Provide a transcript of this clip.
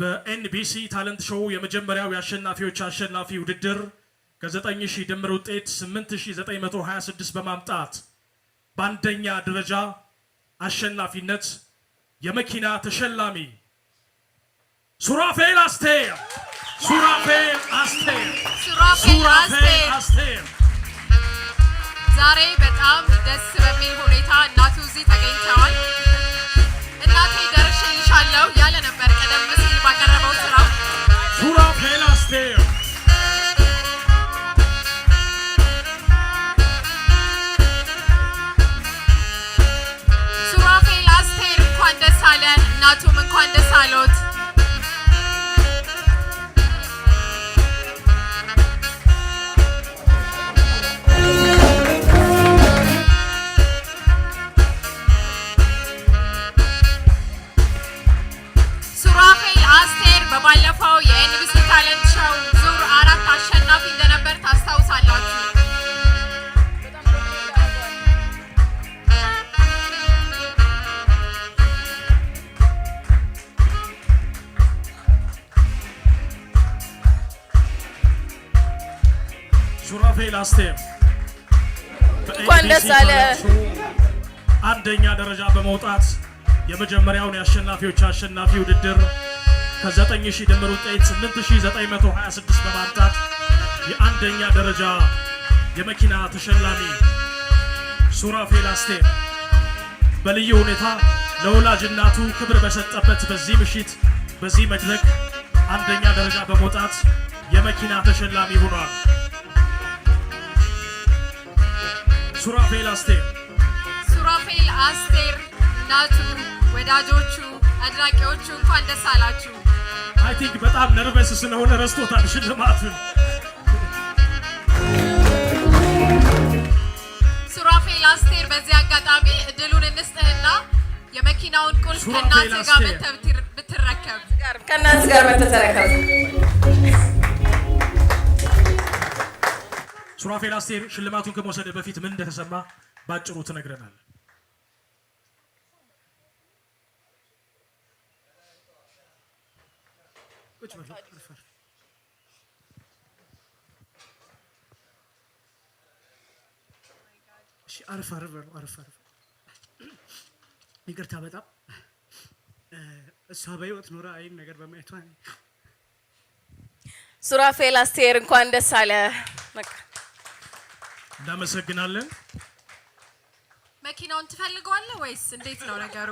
በኤንቢሲ ታለንት ሾው የመጀመሪያው የአሸናፊዎች አሸናፊ ውድድር ከ9000 ድምር ውጤት 8926 በማምጣት በአንደኛ ደረጃ አሸናፊነት የመኪና ተሸላሚ ሱራፌል አስቴር ሱራፌል አስቴር አስቴር ዛሬ በጣም ደስ በሚል ሁኔታ እናቱ እዚህ ተገኝተዋል። እናቴ ደርሼልሻለሁ ያለ ነበር ቀደም እናቱ እንኳን ደስ አለዎት። ሹራፌል አስቴር እንኳን ደስ አለ አንደኛ ደረጃ በመውጣት የመጀመሪያውን የአሸናፊዎች አሸናፊ ውድድር ከ9000 ድምር ውጤት 8926 በማምጣት የአንደኛ ደረጃ የመኪና ተሸላሚ ሱራፌል አስቴር በልዩ ሁኔታ ለወላጅ እናቱ ክብር በሰጠበት በዚህ ምሽት በዚህ መድረክ አንደኛ ደረጃ በመውጣት የመኪና ተሸላሚ ሆኗል። ሱራፌል አስቴር ሱራፌል አስቴር እናቱ፣ ወዳጆቹ፣ አድናቂዎቹ እንኳን ደስ አላችሁ። አይ ቲንክ በጣም ነርቨስ ስለሆነ ረስቶታል ሽልማት ሱራፌል አስቴር በዚህ አጋጣሚ እድሉን እንስጥህና የመኪናውን ቁልፍ ከእናትህ ጋር ብትረከብ ከእናትህ ጋር ብትተረከብ ሱራፌል አስቴር ሽልማቱን ከመውሰድ በፊት ምን እንደተሰማ ባጭሩ ትነግረናል። ይቅርታ በጣም እሷ በህይወት ኖረ አይን ነገር በማየቷ ሱራፌል አስቴር እንኳን ደስ አለ። እናመሰግናለን። መኪናውን ትፈልገዋለህ ወይስ እንዴት ነው ነገሩ?